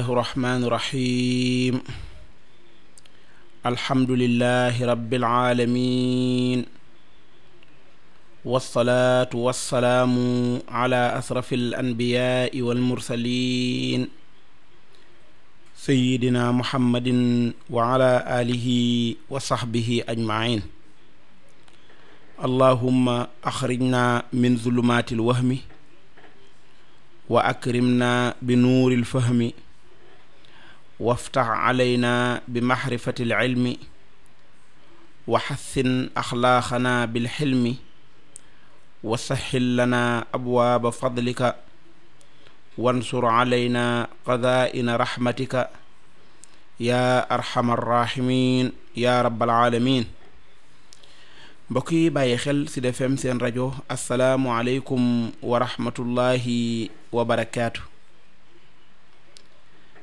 bismillahi irrahmani irrahim alhamdulilahi rabbil aalamin wassalaatu wassalaamu ala asrafi al anbiyaai walmursalin sayidina muhammadin wa ala alihi wa saxbihi ajmain allahumma axrijna min zulumaati alwahmi wa akrimna bi nuuril fahmi waftax calayna bi maxrifati alcilmi wa xassin axlaaqana bilxilmi wa saxil lana abwaaba fadlika wansur calayna qadaa'ina raxmatika yaa arxama arraximin yaa rabbal aalamin mbokk yi bàyyi xel ci Sud FM seen rajo asalaamualeykum wa rahmatullahi wa barakaatu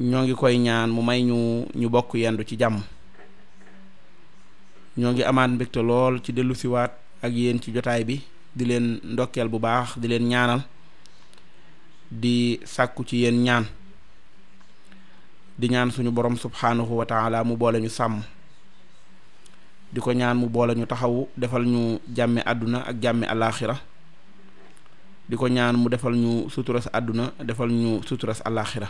ñoo ngi koy ñaan mu may ñu ñu bokk yendu ci jàmm ñoo ngi amaat mbégte lool ci dellusiwaat ak yéen ci jotaay bi di leen ndokkeel bu baax di leen ñaanal di sàkku ci yéen ñaan di ñaan suñu borom subhaanahu wa taala mu boole ñu sàmm di ko ñaan mu boole ñu taxawu defal ñu jàmme àdduna ak jàmme alaaxira di ko ñaan mu defal ñu suturas àdduna defal ñu suturas alaaxira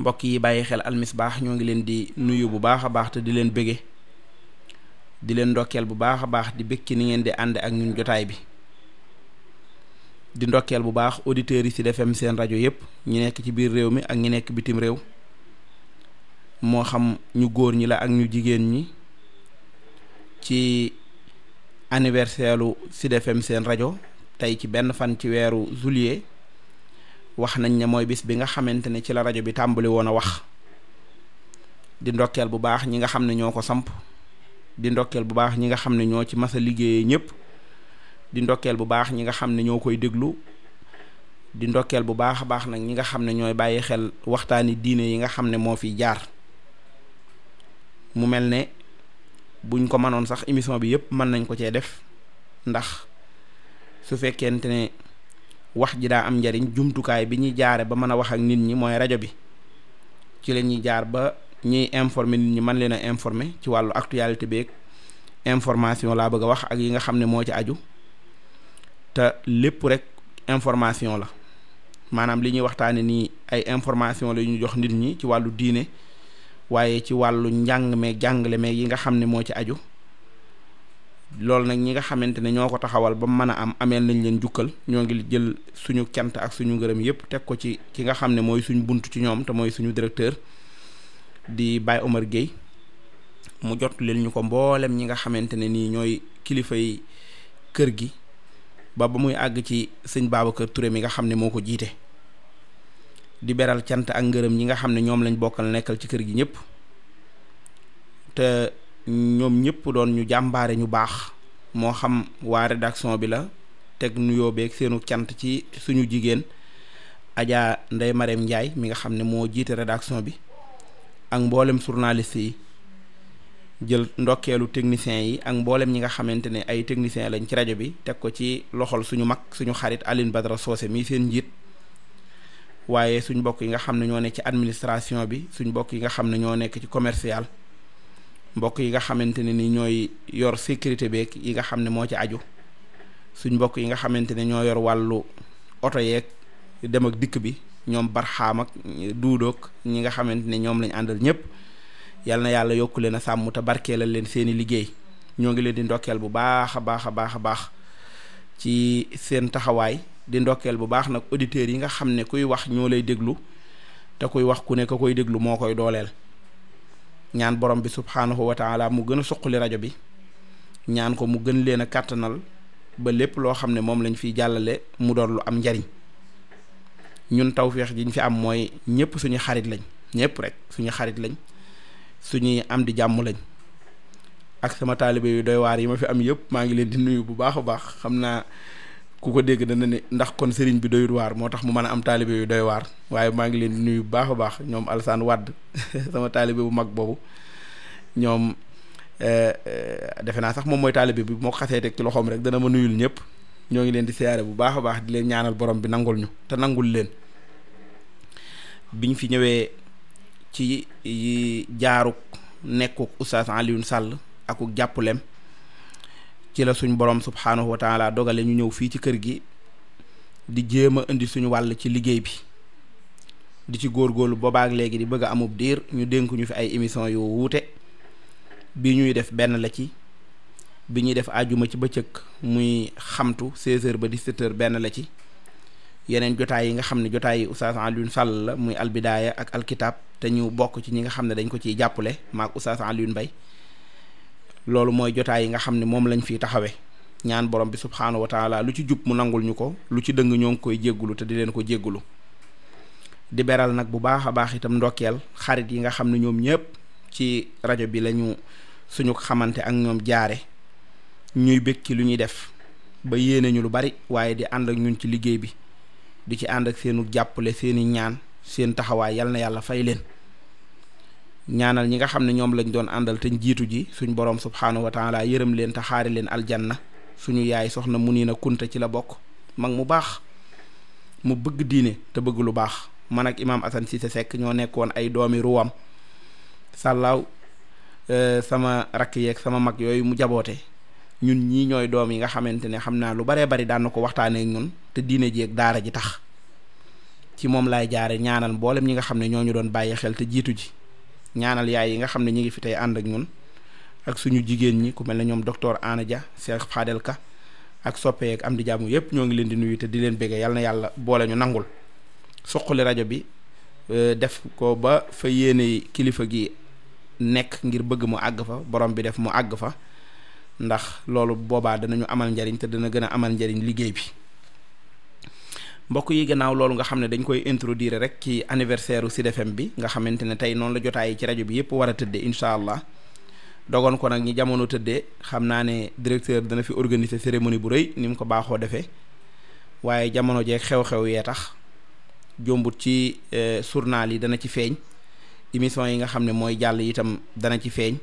mbokk yi bàyyi xel almisbaax ñoo ngi leen di nuyu bu baax a baax te di leen bëgge di leen ndokkeel bu baax a baax di bëkki ni ngeen di ànd ak ñun jotaay bi di ndokkeel bu baax auditeurs yi ci Sud seen rajo yëpp ñi nekk ci biir réew mi ak ñi nekk bitim réew moo xam ñu góor ñi la ak ñu jigéen ñi ci anniversaire lu Sud seen rajo tey ci benn fan ci weeru juillet wax nañ ne mooy bis bi nga xamante ne ci la rajo bi tàmbali woon a wax di ndokkeel bu baax ñi nga xam ne ñoo ko samp di ndokkeel bu baax ñi nga xam ne ñoo ci mas a liggéeyee ñëpp di ndokkeel bu baax ñi nga xam ne ñoo koy déglu di ndokkeel bu baax a baax nag ñi nga xam ne ñooy bàyyi xel waxtaani diine yi nga xam ne moo fiy jaar mu mel ne buñ ko mënoon sax émission bi yëpp mën nañ ko cee def ndax su fekkente ne wax ji daa am njariñ jumtukaay bi ñuy jaare ba mën a wax ak nit ñi mooy rajo bi ci la ñuy jaar ba ñuy informer nit ñi man leen a informer ci wàllu actualité beeg information laa bëgg a wax ak yi nga xam ne moo ci aju te lépp rek information la maanaam li ñuy waxtaane nii ay information la ñu jox nit ñi ci wàllu diine waaye ci wàllu njàng may jàngale meeg yi nga xam ne moo ci aju loolu nag ñi nga xamante ne ñoo ko taxawal ba mu mën a am ameel nañ leen jukkal ñoo ngi jël suñu cant ak suñu ngërëm yëpp teg ko ci ki nga xam ne mooy suñu bunt ci ñoom te mooy suñu directeur di bay Omar Gueye mu jot leen ñu ko mbooleem ñi nga xamante ne nii ñooy kilifa yi kër gi ba ba muy àgg ci sëñ kër Touré mi nga xam ne moo ko jiite di beral cant ak ngërëm ñi nga xam ne ñoom lañ bokkal nekkal ci kër gi ñëpp te. ñoom ñëpp doon ñu jàmbaare ñu baax moo xam waa rédaction bi la teg nuyoo beeg seenu cant ci suñu jigéen Adja Ndeye Marème Ndiaye mi nga xam ne moo jiite rédaction bi ak mboolem journaliste yi jël ndokkeelu techniciens yi ak mboolem ñi nga xamante ne ay techniciens lañ ci rajo bi teg ko ci loxol suñu mag suñu xarit Aline Badara Socé mii seen njiit waaye suñu mbokk yi nga xam ne ñoo nekk ci administration bi suñ mbokk yi nga xam ne ñoo nekk ci commercial mbokk yi nga xamante ne ni ñooy yor sécurité beek yi nga xam ne moo ci aju suñ mbokk yi nga xamante ne ñoo yor wàllu oto yeeg dem ak dikk bi ñoom barxaam ak duudoog ñi nga xamante ni ñoom lañ àndal ñëpp yal na yàlla yokk leen a sàmm te barkeelal leen seeni liggéey ñoo ngi leen di ndokkeel bu baax a baax a baax a baax ci seen taxawaay di ndokkeel bu baax nag auditeurs yi nga xam ne kuy wax ñoo lay déglu te kuy wax ku nekk koy déglu moo koy dooleel ñaan borom bi subhaanahu wa taala mu gën a suqali rajo bi ñaan ko mu gën leen a kàttanal ba lépp loo xam ne moom lañ fiy jàllale mu doon lu am njariñ ñun tawféex ji ñu fi am mooy ñëpp suñu xarit lañ ñëpp rek suñu xarit lañ suñuy am di jàmm lañ ak sama taalibe yu doy waar yi ma fi am yëpp maa ngi leen di nuyu bu baax a baax xam naa ku ko dégg dana ne ndax kon sëriñ bi doyut waar moo tax mu mën a am taalibe yu doy waar waaye maa ngi leen di nuyu bu baax a baax ñoom Alsaan Wadd sama taalibe bu mag boobu ñoom eh, defe naa sax moom mooy taalibe bi moo ko xasee teg ci loxoom rek dana ma nuyul ñëpp ñoo ngi leen di siyaare bu baax a baax di leen ñaanal borom bi nangul ñu te nangul leen biñ fi ñëwee ci jaaruk nekkuk Oustaz Alioune Sall akuk jàppulem ci la suñ borom subhaanahu wa taala dogale ñu ñëw fii ci kër gi di jéem a indi suñu wàll ci liggéey bi di ci góor góorgóorlu boobaak léegi di bëgg amub diir ñu dénk ñu fi ay émission yu wuute bi ñuy def benn la ci bi ñuy def ajuma ci ba cëkk muy xamtu 16h ba di h benn la ci yeneen jotaay yi nga xam ne jotaay yi Oustaz Alioune Sall la muy albidaaya ak alkitab te ñu bokk ci ñi nga xam ne dañ ko ciy jàppale maak Oustaz Alioune Mbaye loolu mooy jotaay yi nga xam ne moom lañu fiy taxawee ñaan borom bi subhaanahu wa taala lu ci jub mu nangul ñu ko lu ci dëng ñoo ngi koy jéggulu te di leen ko jéggulu di beral nag bu baax a baax itam ndokkeel xarit yi nga xam ne ñoom ñëpp ci rajo bi lañu suñu xamante ak ñoom jaare ñuy bég lu ñuy def ba yéene ñu lu bari waaye di ànd ak ñun ci liggéey bi di ci ànd ak seenu jàppale seeni ñaan seen taxawaay yal na yàlla fay leen ñaanal ñi nga xam ne ñoom lañ doon àndal te jiitu ji suñ borom subhaanahu wa taala yërëm leen te xaari leen aljanna suñu yaay soxna mu Munina Kunta ci la bokk mag mu baax mu bëgg diine te bëgg lu baax man ak imaam Assane Cissé Seck ñoo nekkoon ay doomi ruwam sàllaaw euh, sama rakk yeeg sama mag yooyu mu jaboote ñun ñii ñooy doom yi nga xamante ne xam naa lu baree bari daan na ko waxtaanee ñun te diine ji ak daara ji tax ci moom laay jaare ñaanal mboolem ñi nga xam ne ñoo ñu doon bàyyi xel te jiitu ji ñaanal yaay yi nga xam ne ñu ngi fi tey ànd ak ñun ak suñu jigéen ñi ku mel na ñoom docteur Anna ja Cheikh Fadel Ka ak soppeek am di jàmm yëpp ñoo ngi leen di nuyu te di leen béggee yal na yàlla boole ñu nangul suqali rajo bi euh, def ko ba fa yéene kilifa gi nekk ngir bëgg mu àgg fa borom bi def mu àgg fa ndax loolu boobaa danañu amal njariñ te dana gën a amal njariñ liggéey bi mbokk yi gannaaw loolu nga xam ne dañ koy introduire rek ci anniversaire u Sud FM bi nga xamante ne tey noonu la jotaay ci rajo bi yëpp war a tëddee incha allah dogoon ko nag ñi jamono tëddee xam naa ne directeur dana fi organiser cérémonie bu rëy ni mu ko baaxoo defee waaye jamono jee xew-xew yee tax jombut ci eh, journal yi dana ci feeñ émission yi nga xam ne mooy jàll itam dana ci feeñ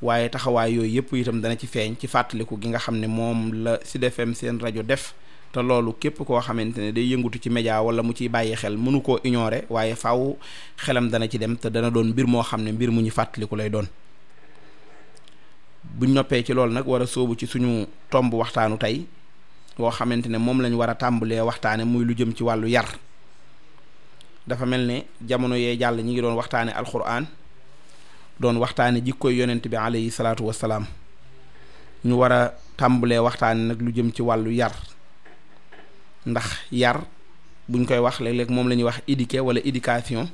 waaye taxawaay yooyu yëpp itam dana ci feeñ ci fàttaliku gi nga xam ne moom la Sud FM seen rajo def te loolu képp koo xamante ne day yëngutu ci média wala mu ciy bàyyi xel mënu koo ignorer waaye faw xelam dana ci dem te dana doon mbir moo xam ne mbir mu ñu fàttaliku lay doon bu noppee ci loolu nag war soobu ci suñu tomb waxtaanu tey boo xamante ne moom lañu war a tàmbalee waxtaane muy lu jëm ci wàllu yar dafa mel ne jamono yee jàll ñi ngi doon waxtaane alquran doon waxtaane jikkoy yonent bi alayhi salaatu wasalaam ñu war a tàmbalee waxtaane nag lu jëm ci wàllu yar ndax yar buñ koy wax léeg-léeg moom lañuy wax éduquer wala éducation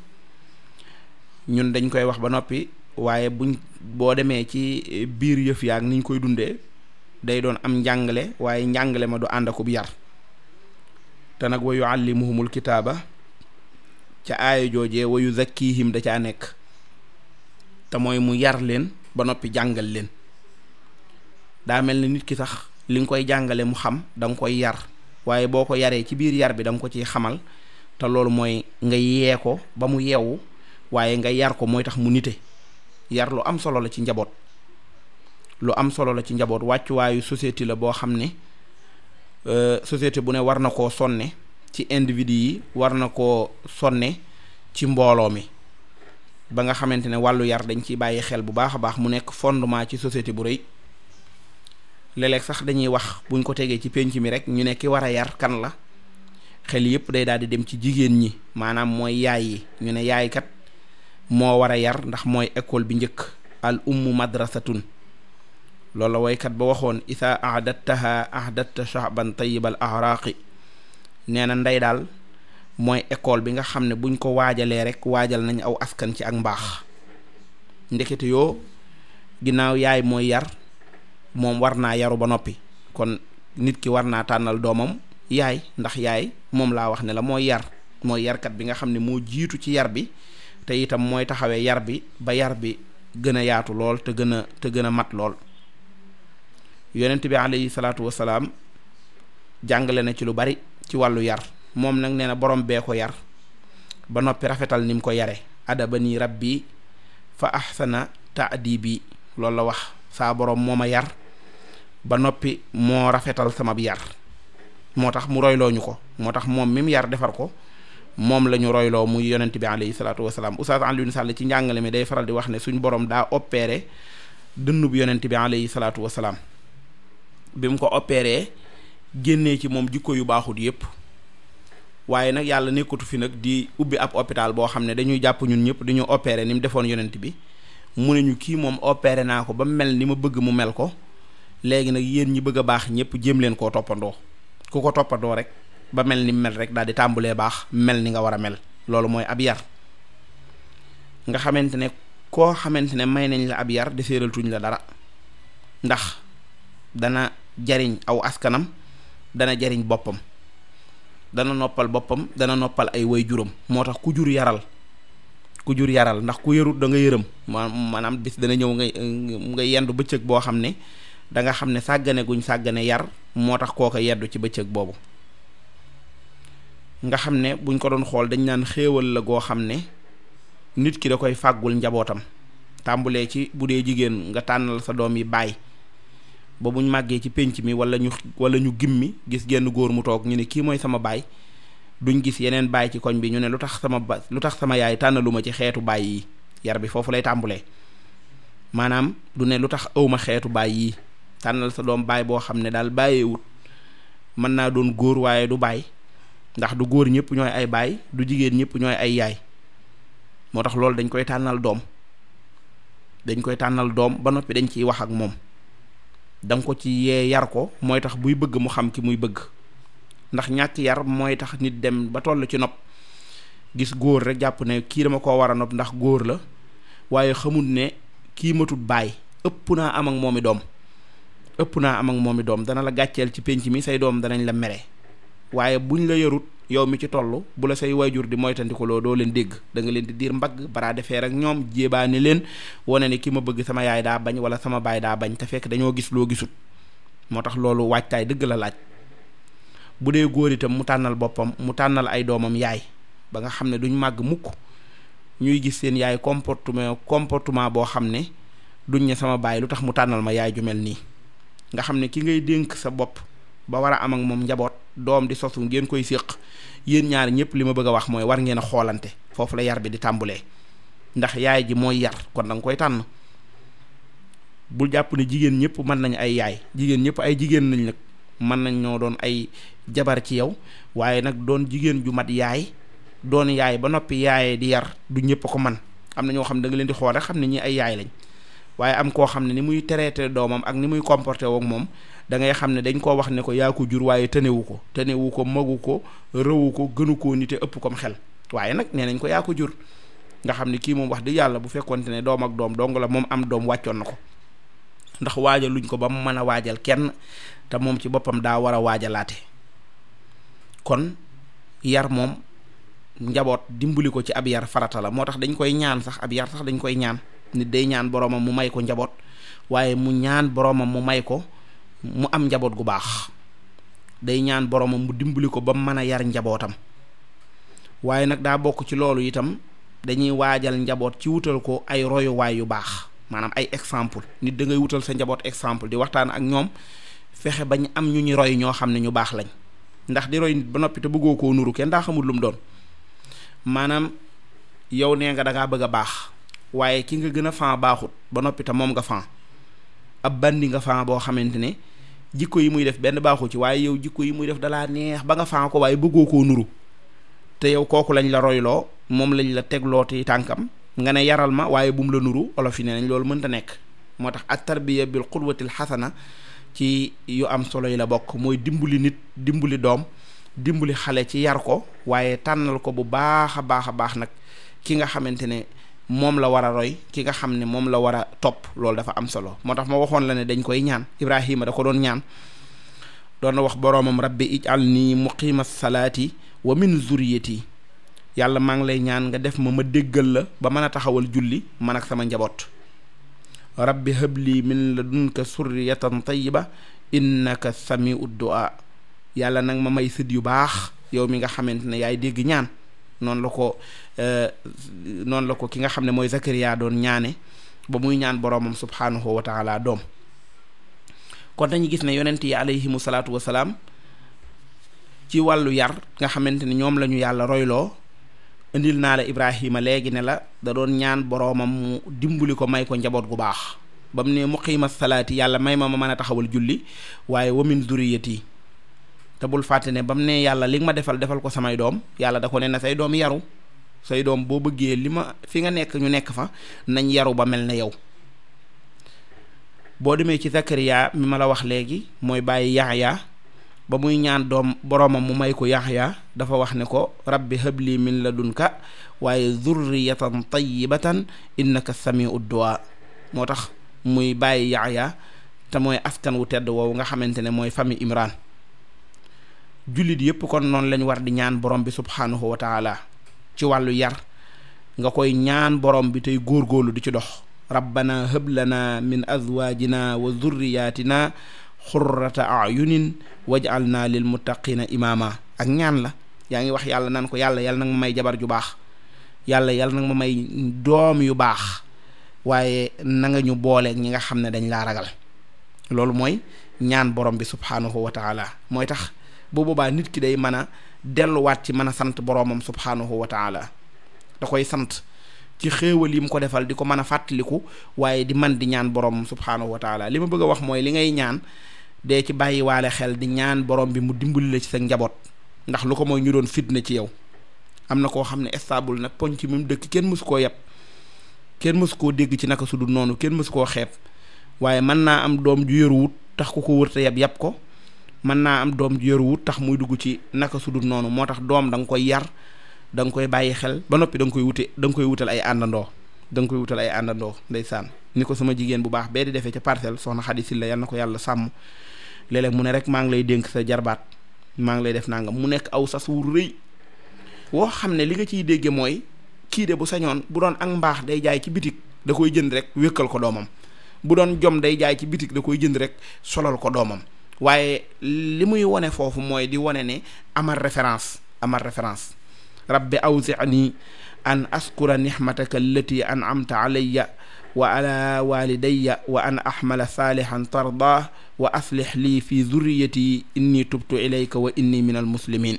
ñun dañ koy wax ba noppi waaye buñ boo demee ci biir yëf yaag ni ñu koy dundee day doon am njàngale waaye njàngale ma du ànd akub yar te nag wa yuallimuhumul kitaaba ca aaya joojee wa yuzakkihim da caa nekk te mooy mu yar leen ba noppi jàngal leen daa mel ni nit ki sax li nga koy jàngale mu xam danga koy yar waaye boo ko yaree ci biir yar bi da ko ciy xamal te loolu mooy nga yee ko ba mu yeewu waaye nga yar ko mooy tax mu nite yar lu am solo la ci njaboot lu am solo la ci njaboot wàccuwaayu société la boo xam ne euh, société bu ne war na koo sonne ci individu yi war na koo sonne ci mbooloo mi ba nga xamante ne wàllu yar dañ ci bàyyi xel bu baax a baax mu nekk fondement ci société bu rëy léeg sax dañuy wax buñ ko tegee ci pénc mi rek ñu ne ki war a yar kan la xel yëpp day daal di dem ci jigéen ñi maanaam mooy yaay yi ñu ne yaaykat moo war a yar ndax mooy école bi njëkk al ummu madrasatun loolu la woykat ba waxoon isaa ahdattaha ahdatta shahban nee na ndey daal mooy école bi nga xam ne buñ ko waajalee rek waajal nañ aw askan ci ak mbaax ndekete yoo ginnaaw yaay mooy yar moom war naa yaru ba noppi kon nit ki war naa tànnal doomam yaay ndax yaay moom laa wax ne la mooy yar mooy yarkat bi nga xam ne moo jiitu ci yar bi te itam mooy taxawee yar bi ba yar bi gën a yaatu lool te gën a te gën a mat lool yonent bi alayhi salaatu wasalaam jàngale na ci lu bari ci wàllu yar moom nag nee na borom bee ko yar ba noppi rafetal ni mu ko yare adaba nii rabbi fa ahsana bi loolu la wax saa boroom moo ma yar ba noppi moo rafetal sama yar moo tax mu royloo ñu ko moo tax moom mi mu yar defar ko moom la ñu royloo muy yonent bi alayhi salaatu wasalaam Oustaz Alioune Sall ci njàngale mi day faral di wax ne suñ borom daa opéré dënnub yonent bi alayhi salaatu wasalaam bi mu ko opéré génnee ci moom jikko yu baaxut yépp waaye nag yàlla nekkatu fi nag di ubbi ab hôpital boo xam ne dañuy jàpp ñun ñëpp di ñu ni mu defoon yonent bi mu ne ñu kii moom opéré naa ko ba mu mel ni ma bëgg mu mel ko léegi nag yéen ñi bëgg a baax ñëpp jéem leen koo toppandoo ku ko toppandoo rek ba mel ni mel rek daal di tàmbulee baax mel ni nga war a mel loolu mooy ab yar nga xamante ne koo xamante ne may nañ la ab yar deseeral tuñ la dara ndax dana jariñ aw askanam dana jariñ boppam dana noppal boppam dana noppal ay way juram moo tax ku jur yaral ku jur yaral ndax ku yarut danga yërëm yërëm maanaam bis dana ñëw nga nga yendu bëccëg boo xam ne danga xam ne sàggane guñ sàggane yar moo tax kooka yeddu ci bëccëg boobu nga xam ne buñ ko doon xool dañ naan xéewal la goo xam ne nit ki da koy fàggul njabootam tàmbulee ci bu dee jigéen nga tànnal sa doom yi baay ba buñ màggee ci pénc mi wala ñu wala ñu gimmi gis genn góor mu toog ñu ne kii mooy sama baay duñ gis yeneen baay ci koñ bi ñu ne lu tax sama ba lu tax sama yaay tànnaluma ci xeetu baay yi yar bi foofu lay tàmbulee maanaam du ne lu tax ëwma xeetu baay yi tànnal sa doom baay boo xam ne daal bàyyeewut mën naa doon góor waaye du baay ndax du góor ñëpp ñooy ay baay du jigéen ñëpp ñooy ay yaay moo tax loolu dañ koy tànnal doom dañ koy tànnal doom ba noppi dañ ciy wax ak moom da ko ci yee yar ko mooy tax buy bëgg mu xam ki muy bëgg ndax ñàkk yar mooy tax nit dem ba toll ci nopp gis góor rek jàpp ne kii dama koo war a nopp ndax góor la waaye xamul ne kii matut baay ëpp naa am ak moomi doom ëpp naa am ak moom i doom dana la gàcceel ci pénc mi say doom danañ la mere waaye buñ la yarut yow mi ci toll bu la say waajur di moytandikuloo doo leen dégg da nga leen di diir mbagg bara defee rek ñoom ni leen wane ne ki ma bëgg sama yaay daa bañ wala sama baay daa bañ te fekk dañoo gis loo gisut moo tax loolu waajtaay dëgg la laaj bu dee góor itam mu tànnal boppam mu tànnal ay doomam yaay ba nga xam ne duñ màgg mukk ñuy gis seen yaay comportement comportement boo xam ne duñ ne sama baay lu tax mu tànnal ma yaay ju mel nii nga xam ne ki ngay dénk sa bopp ba war a am ak moom njaboot doom di sosu ngeen koy séq yéen ñaar ñëpp li ma bëgg a wax mooy war ngeen a xoolante foofu la yar bi di tàmbulee ndax yaay ji mooy yar kon danga koy tànn bul jàpp ne jigéen ñëpp mën nañ ay yaay jigéen ñëpp ay jigéen lañ nag mën nañ ñoo doon ay jabar ci yow waaye nag doon jigéen ju mat yaay doon yaay ba noppi yaayee di yar du ñëpp ko man am na ñoo xam ne da leen di xool rek xam ne ñi ay yaay lañ waaye am koo xam ne ni muy traité doomam ak ni muy comporté woo moom dangay xam ne dañ koo wax ne ko yaa ko jur waaye tënewu ko tënewu ko magu ko rëwu ko gënu koo nite ëpp kom xel waaye nag nee nañ ko yaa ko jur nga xam ne kii moom wax dëgg yàlla bu fekkonte ne doom ak doom dong la moom am doom wàccoon na ko ndax waaja luñ ko ba mu mën a waajal kenn te moom ci boppam daa war a waajalaate kon yar moom njaboot dimbali ko ci ab yar farata la moo tax dañ koy ñaan sax ab yar sax dañ koy ñaan nit day ñaan boromam mu may ko njaboot waaye mu ñaan boromam mu may ko mu am njaboot gu baax day ñaan boromam mu dimbali ko ba mën a yar njabootam waaye nag daa bokk ci loolu itam dañuy waajal njaboot ci wutal ko ay royuwaay yu baax maanaam ay exemple nit dangay wutal sa njaboot exemple di waxtaan ak ñoom fexe bañ am ñu ñu roy ñoo xam ne ñu baax lañ ndax di roy nit ba noppite te bëggoo koo nuru kenn daa xamul lu mu doon maanaam yow nee nga da ngaa bëgg a baax waaye ki nga gën a fan baaxut ba noppi te moom nga fan ab bandi nga fan boo xamante ne jikko yi muy def benn baaxu ci waaye yow jikko yi muy def dalaa neex ba nga fan ko waaye bëggoo ko nuru te yow kooku lañ la royloo moom lañ la teglooti tànkam nga ne yaral ma waaye bu la nuru olof yi ne nañ loolu mënta nekk moo tax at tarbiya bil qudwatil xasana ci yu am solo yi la bokk mooy dimbali nit dimbali doom dimbali xale ci yar ko waaye tànnal ko bu baax a baax a baax nag nga xamante ne moom la war a roy ki nga xam ne moom la war a topp loolu dafa am solo moo tax ma waxoon la ne dañ koy ñaan Ibrahima da ko doon ñaan doon na wax boroomam rabbi ijal nii muqima salaati wa min zuriyati yàlla maa ngi lay ñaan nga def ma ma déggal la ba mën a taxawal julli man ak sama njaboot rab bi rabbi habli min ladunka surriyatan tayyiba innaka samiu du'a yàlla nag ma may sët yu baax yow mi nga xamante ne yaay dégg ñaan noonu la ko euh, noonu la ko ki nga xam ne mooy Zakariya doon ñaane ba muy ñaan boroomam subhaanahu wa taala doom kon dañu gis ne yonent yi alayhimu salaatu wa salaam ci wàllu yar nga xamante ni ñoom lañu yàlla royloo indil naa la Ibrahima léegi ne la da doon ñaan boroomam mu dimbali ko may ko njaboot gu baax ba mu ne muqiima salaati yàlla may ma ma mën a taxawal julli waaye wa duriyati te bul fàtte ne ba mu ne yàlla li nga ma defal defal ko samay doom yàlla da ko ne na say doom yaru say doom boo bëggee li ma fi nga nekk ñu nekk fa nañ yaru ba mel ne yow boo demee ci Zakariya mi ma la wax léegi mooy bàyyi Yaxya ba muy ñaan doom boroomam mu may ko Yaxya dafa wax ne ko rabbi habli min ladunka waaye zurriyatan tayyibatan innaka samiu du'a moo tax muy bàyyi Yaxya te mooy askan wu tedd woowu nga xamante ne mooy famille Imran jullit yëpp kon noonu lañu war di ñaan borom bi subhaanahu wa taala ci wàllu yar nga koy ñaan borom bi tey góorgóorlu di ci dox rabbana hëb lana min azwaajina wa zurriyaatina xurrata ayunin wajal naa lil muttaqina imaama ak ñaan la yaa ngi wax yàlla naan ko yàlla yàlla nag ma may jabar ju baax yàlla yàlla nag ma may doom yu baax waaye na nga ñu booleeg ñi nga xam ne dañ laa ragal loolu mooy ñaan borom bi subhaanahu wa taala mooy tax boo boobaa nit ki day man a delluwaat ci man a sant boroomam subhaanahu wa taala da koy sant ci xéewal yi mu ko defal di ko mën a fàttaliku waaye di man di ñaan boroomam subhaanahu wa taala li ma bëgg a wax mooy li ngay ñaan dee ci bàyyi waale xel di ñaan borom bi mu dimbali la ci sa njaboot ndax lu ko mooy ñu doon fitna ci yow am na koo xam ne stable nag poñ ci mu dëkk kenn mësu koo yeb kenn mësu koo dégg ci naka su noonu kenn mësu koo xeeb waaye mën naa am doom ju yëruwut tax ku ko wërta yab yab ko mën naa am doom yaruwut tax muy dugg ci naka su dul noonu moo tax doom da nga koy yar danga koy bàyyi xel ba noppi danga koy wute da nga koy wutal ay àndandoo da nga koy wutal ay àndandoo ndeysaan ni ko sama jigéen bu baax bee di defee ca parcelle soxna Xadi Silla yal na ko yàlla sàmm léeg mu ne rek maa ngi lay dénk sa jarbaat maa ngi lay def nangam mu nekk aw sas wu rëy woo xam ne li nga ciy dégge mooy kii de bu sañoon bu doon ak mbaax day jaay ci bitig da koy jënd rek wékkal ko doomam bu doon jom day jaay ci bitig da koy jënd rek solal ko doomam waaye li muy wone foofu mooy di wone ne amal référence amal référence rabbi awzi'ni an askura nixmataka allati an'amta alayya wa ala walidayya wa an axmala saalihan tardaah wa aslix lii fi zurriyati inni tubtu ilayka wa inni min al muslimin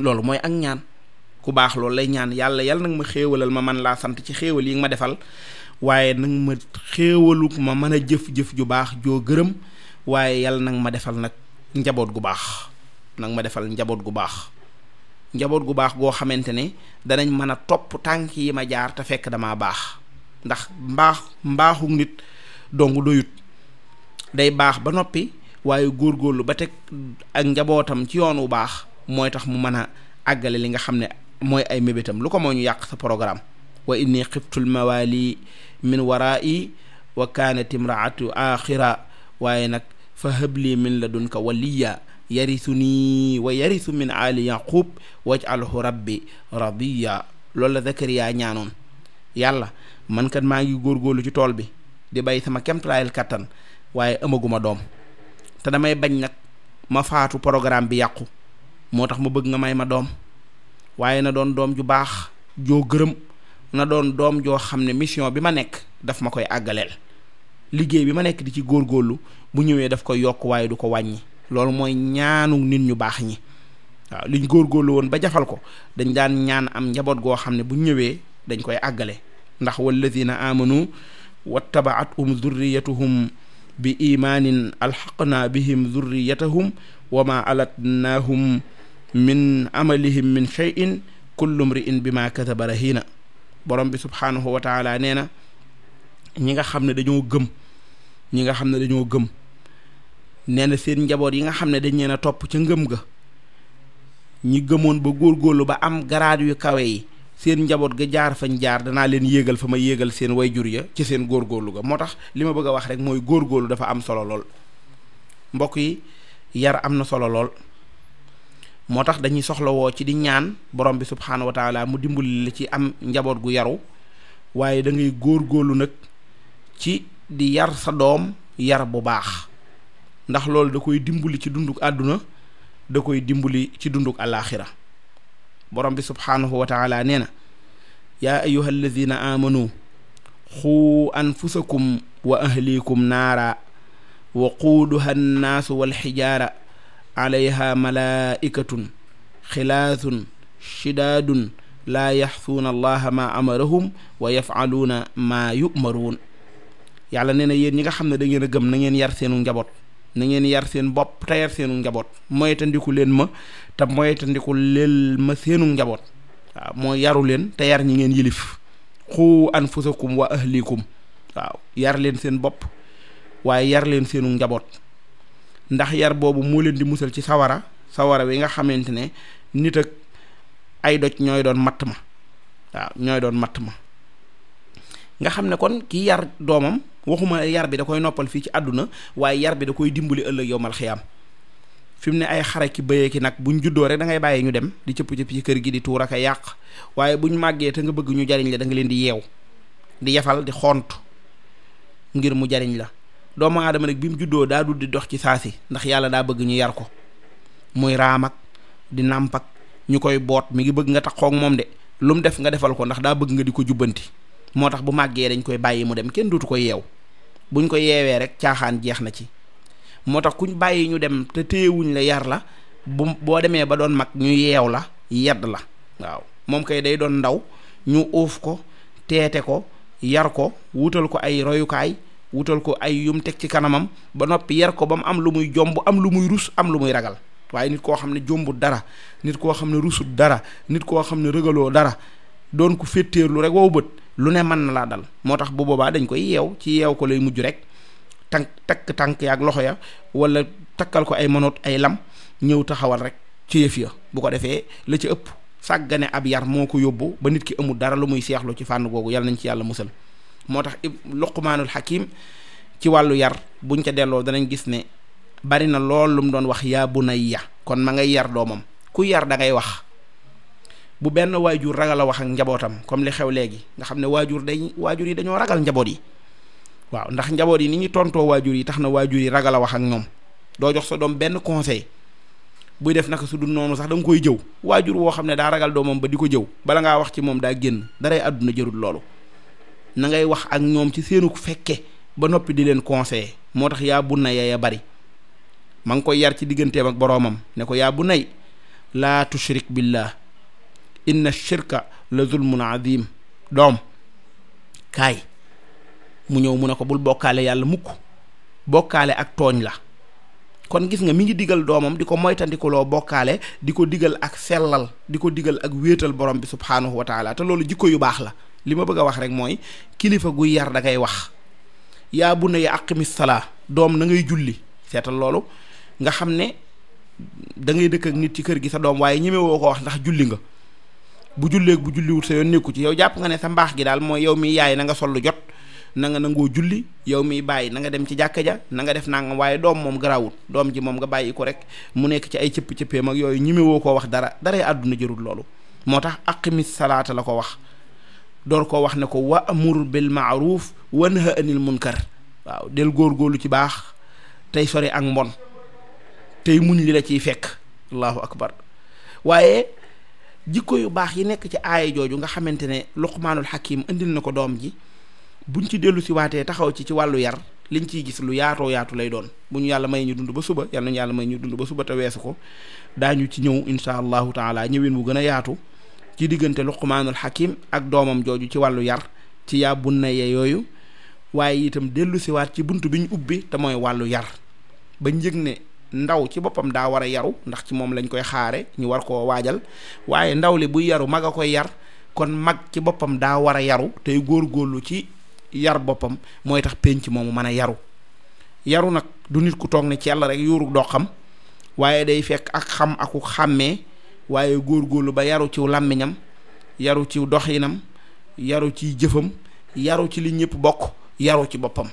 loolu mooy ak ñaan ku baax loolu lay ñaan yàlla yàlla nag ma xéewalal ma man laa sant ci xéewal yi nga ma defal waaye nag ma xéewalu ma mën a jëf-jëf ju baax joo gërëm waaye yàlla nag ma defal nag njaboot gu baax nag ma defal njaboot gu baax njaboot gu baax goo xamante ne danañ mën a topp tànk yi ma jaar te fekk dama baax ndax mbaax mbaaxu nit dong doyut day baax ba noppi waaye góor góorlu ba teg ak njabootam ci yoon wu baax mooy tax mu mën a àggale li nga xam ne mooy ay mébétam lu ko moo ñu yàq sa programme wa inni xiftul mawali min warai wa kanat imraatu waaye nag fa habli min ladunka waliya yarisu nii wa yarisu min aali yaqub waj'alhu rabbi radiya loolu la Zakariya ñaanoon yàlla man kat maa ngi góor góorlu ci tool bi di bay sama kemtalaayal kàttan waaye amaguma doom te damay bañ nag ma faatu programme bi yàqu moo tax ma bëgg nga may ma doom waaye na doon doom ju baax joo gërëm na doon doom joo xam ne mission bi ma nekk daf ma koy àggaleel liggéey bi ma nekk di ci góorgóorlu bu ñëwee daf ko yokk waaye du ko wàññi loolu mooy ñaanu nit ñu baax ñi waaw góor góorgóorlu woon ba jafal ko dañ daan ñaan am njaboot goo xam ne bu ñëwee dañ koy àggale ndax walladina amanu wattabaatuhum zurriyatuhum bi imaanin alxaqnaa bihim zurriyatahum wa ma alatnaahum min amalihim min cheyin kullu mriin bi ma kasaba rahina borom bi subhaanahu wa taala nee na ñi nga xam ne dañoo gëm ñi nga xam ne dañoo gëm nee na seen njaboot yi nga xam ne dañ leen a topp ca ngëm ga ñi gëmoon ba góor góorlu ba am garaad yu kawe yi seen njaboot ga jaar fañ jaar danaa leen yéegal fa ma yéegal seen way jur ya ci seen góorgóorlu ga moo tax li ma bëgg a wax rek mooy góorgóorlu dafa am solo lool mbokk yi yar am na solo lool moo tax dañuy soxlawoo ci di ñaan borom bi subxanahu wa taala mu dimbali la ci am njaboot gu yaru waaye da ngay góorgóorlu nag ci. di yar sa doom yar bu baax ndax loolu da koy dimbali ci dunduk àdduna da koy dimbali ci dunduk alaaxira borom bi subhaanahu wa taala nee na yaa amanu xuu anfusakum wa ahlikum naara wa quuduha annaasu walxijaara alayha malaaikatun xilaasun shidaadun laa yaxsuuna allaha maa amarahum wa yafaluuna maa yumaruun yàlla nee na yéen ñi nga xam ne da ngeen a gëm na ngeen yar seenu njaboot na ngeen yar seen bopp te yar seenu njaboot moytandiku leen ma te moytandiku leen ma seenu njaboot waaw mooy yaru leen te yar ñi ngeen yilif xuu anfusakum wa ahlikum waaw leen seen bopp waaye yar leen seenu njaboot ndax yar boobu moo leen di musal ci sawara sawara wi nga xamante ne nit ak ay doj ñooy doon matt ma waaw ñooy doon matt ma nga xam ne kon ki yar doomam waxuma yar bi da koy noppal fii ci àdduna waaye yar bi da koy dimbali ëllëg yowmal xiyaam fi mu ne ay xare ki bëyee ki nag buñ juddoo rek da ngay bàyyi ñu dem di cëpp-cëpp ci kër gi di tuur ak a yàq waaye buñ màggee te nga bëgg ñu jariñ la da leen di yeew di yefal di xont ngir mu jariñ la doomu aadama nag bi mu juddoo daa dul di dox ci saa si ndax yàlla daa bëgg ñu yar ko muy raam di nàmp ñu koy boot mu ngi bëgg nga tax ak moom de lu mu def nga defal ko ndax daa bëgg nga di ko jubbanti moo tax bu màggee dañ koy bàyyi mu dem kenn dootu ko yeew buñ ko yeewee rek caaxaan jeex na ci moo tax kuñ bàyyi ñu dem te téyewuñ la yar la bu boo demee ba doon mag ñu yeew la yedd la waaw moom kay day doon ndaw ñu uuf ko teete ko yar ko wutal ko ay royukaay wutal ko ay yum teg ci kanamam ba noppi yar ko ba mu am lu muy jomb am lu muy rus am lu muy ragal waaye nit koo xam ne jombut dara nit koo xam ne rusut dara nit koo xam ne ragaloo dara doon ko féttéerlu rek wow bët lu ne mën na laa dal moo tax bu boobaa dañ koy yeew ci yeew ko lay mujj rek tank takk tànk ak loxo ya wala takkal ko ay manoot ay lam ñëw taxawal rek ci yëf ya bu ko defee la ci ëpp sàggane ab yar moo ko yóbbu ba nit ki amul dara lu muy seexlu ci fànn googu yàlla nañ ci yàlla musal moo tax luqmaanul xakim ci wàllu yar buñ ca delloo danañ gis ne bari na lool lu mu doon wax yaa bunayya kon ma ngay yar doomam ku yar dangay wax bu benn waajur ragal a wax ak njabootam comme li xew léegi nga xam ne waajur dañ waajur yi dañoo ragal njaboot yi waaw ndax njaboot yi ni ñuy tontoo waajur yi tax na waajur yi ragal a wax ak ñoom doo jox sa doom benn conseil buy def naka su du noonu sax da koy jëw waajur woo xam ne daa ragal doomam ba di ko jëw bala ngaa wax ci moom daa génn daray àdduna jërul loolu na ngay wax ak ñoom ci seenu fekke ba noppi di leen conseiller moo tax yaa bu nay ya bari ma ngi koy yar ci digganteem ak boroomam ne ko yaa bu nay laa tushrik billah inna shirka la zulmun azim doom kaay mu ñëw mu ne ko bul bokkaale yàlla mukk bokkaale ak tooñ la kon gis nga mi ngi digal doomam di ko moytandikuloo bokkaale di ko digal ak sellal di ko digal ak wéetal borom bi subhaanahu wa te loolu jikko yu baax la li ma bëgg a wax rek mooy kilifa guy yar da ngay wax yaa bu ne ya aqimi doom na ngay julli seetal loolu nga xam ne da dëkk ak nit ci kër gi sa doom waaye ñemewoo ko wax ndax julli nga bu julleeg bu julliwut sa yoon nekku ci yow jàpp nga ne sa mbaax gi daal mooy yow mi yaay na sol sollu jot nanga nangoo julli yow miy bàyyi nanga dem ci jàkka ja nanga nga def nangam waaye doom moom garaawut doom ji moom nga bàyyi ko rek mu nekk ci ay cëpp cëppeem ak yooyu ñimewoo koo wax dara daray àdduna jërul loolu moo tax aqimis salaata la ko wax door koo wax ne ko wa amur bil maaruf wanha anil munkar waaw del góor góorgóorlu ci baax tey sori ak mbon tey muñ la ciy fekk allahu jikko yu baax yi nekk ci aaya jooju nga xamante ne luqmaanul hakim indil na ko doom ji buñ ci dellu si taxaw ci ci wàllu yar liñ ciy gis lu yaatoo yaatu lay doon bu ñu yàlla may ñu dund ba suba yal nañu yàlla may ñu dund ba suba te weesu ko daañu ci ñëw insha allahu taala ñëwin bu gën a yaatu ci diggante luqmaanul hakim ak doomam jooju ci wàllu yar ci yaa bunnaye yooyu waaye itam dellu siwaat ci bunt bi ñu ubbi te mooy wàllu yar bañ yëg ndaw ci boppam daa war a yaru ndax ci moom lañ koy xaare ñu war koo waajal waaye ndaw li buy yaru mag a koy yar kon mag ci boppam daa war a yaru tey góor góorlu ci yar boppam mooy tax penc moomu mën a yaru yaru nag du nit ku toog ne ci yàlla rek yuuru doo waaye day fekk ak xam aku xàmmee waaye góor góorlu ba yaru ciw làmmiñam yaru ciw doxinam yaru ci jëfam yaru ci li ñëpp bokk yaru ci boppam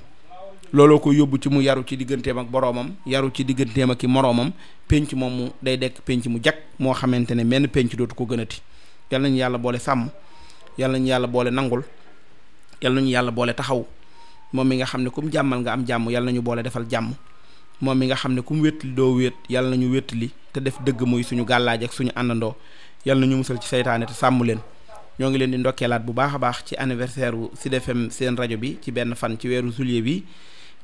looloo ko yóbbu ci mu yaru ci digganteem ak boroomam yaru ci digganteem ak i moroomam pénc moom mu day dekk pénc mu jag moo xamante ne menn penc dootu ko gënati yal nañu yàlla boole sàmm yal ñu yàlla boole nangul yal nañu yàlla boole taxaw moom mi nga xam ne ku jàmmal nga am jàmm yal ñu boole defal jàmm moom mi nga xam ne ku mu wétli doo wét yal nañu li te def dëgg muy suñu gàllaaj ak suñu àndandoo yal nañu musal ci seytaane te sàmm leen. ñoo ngi leen di ndokkeelaat bu baax a baax ci anniversaire wu Sud seen rajo bi ci benn fan ci weeru juillet bi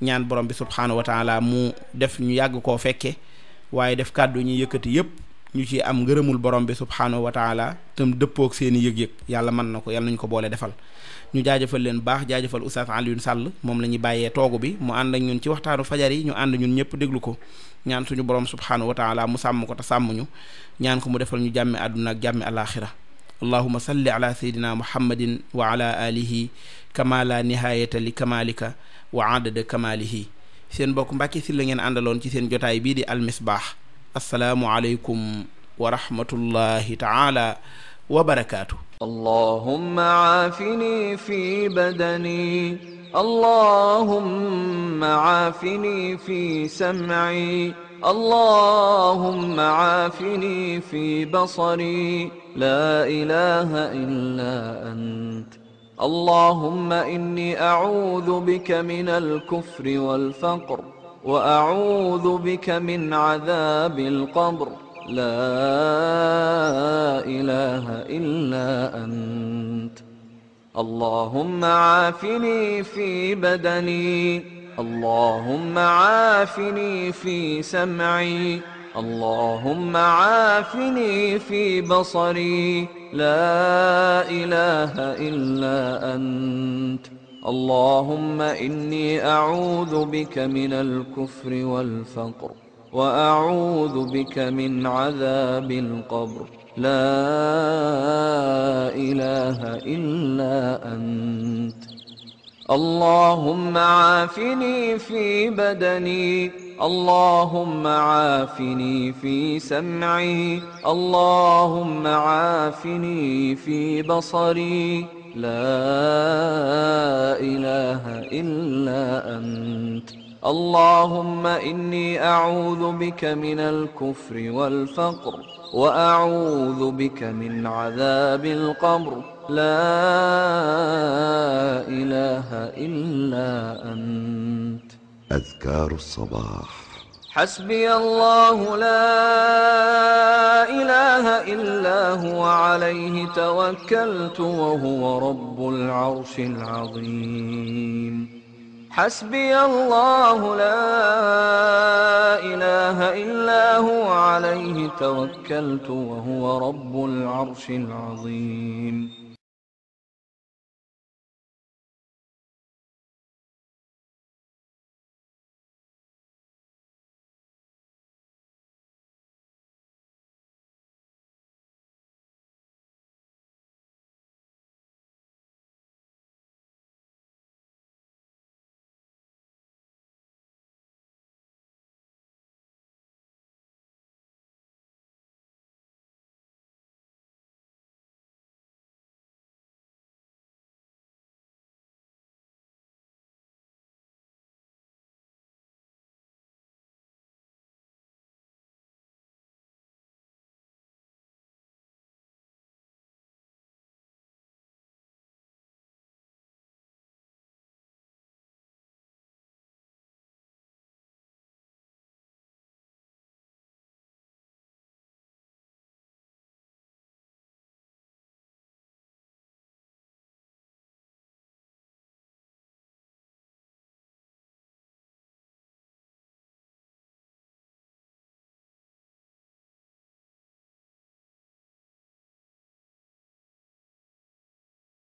ñaan borom bi subhaanahu wa taala mu def ñu yàgg koo fekke waaye def kàddu ñu yëkkati yëpp ñu ci am ngërëmul borom bi subhaanahu wa taala tam dëppoog seeni yëg-yëg yàlla mën na ko yàlla nañu ko boole defal ñu jaajëfal leen baax jaajëfal Oustaz Alioune sàll moom la ñuy bàyyee toogu bi mu ànd ak ñun ci waxtaanu fajar yi ñu ànd ñun ñëpp déglu ko ñaan suñu borom subhaanahu wa taala mu sàmm ko te sàmm ñu ñaan ko mu defal ñu jàmmi àdduna ak jàmmi alaxira allahuma salli ala sayidina muhammadin wa ala alihi kama la nihayata wa adada kamalihi seen mbokk Mbàkke Sylla ngeen àndaloon ci seen jotaay bii di almisbaax asalaamualeykum wa rahmatullahi taala wa barakaatu allahumma aafini fi badani allahumma aafini fi sam'i اللهم عافني في بصري لا إله إلا أنت اللهم إني أعوذ بك من الكفر والفقر وأعوذ بك من عذاب القبر لا إله إلا أنت اللهم عافني في بدني اللهم عافني في سمعي اللهم عافني في بصري لا إله إلا أنت اللهم إني أعوذ بك من الكفر والفقر وأعوذ بك من عذاب القبر لا إله إلا أنت اللهم عافني في بدني اللهم عافني في سمعي اللهم عافني في بصري لا إله إلا أنت اللهم إني أعوذ بك من الكفر والفقر وأعوذ بك من عذاب القبر لا إله إلا أنت أذكار الصباح حسبي الله لا إله إلا هو عليه توكلت وهو رب العرش العظيم حسبي الله لا إله إلا هو عليه توكلت وهو رب العرش العظيم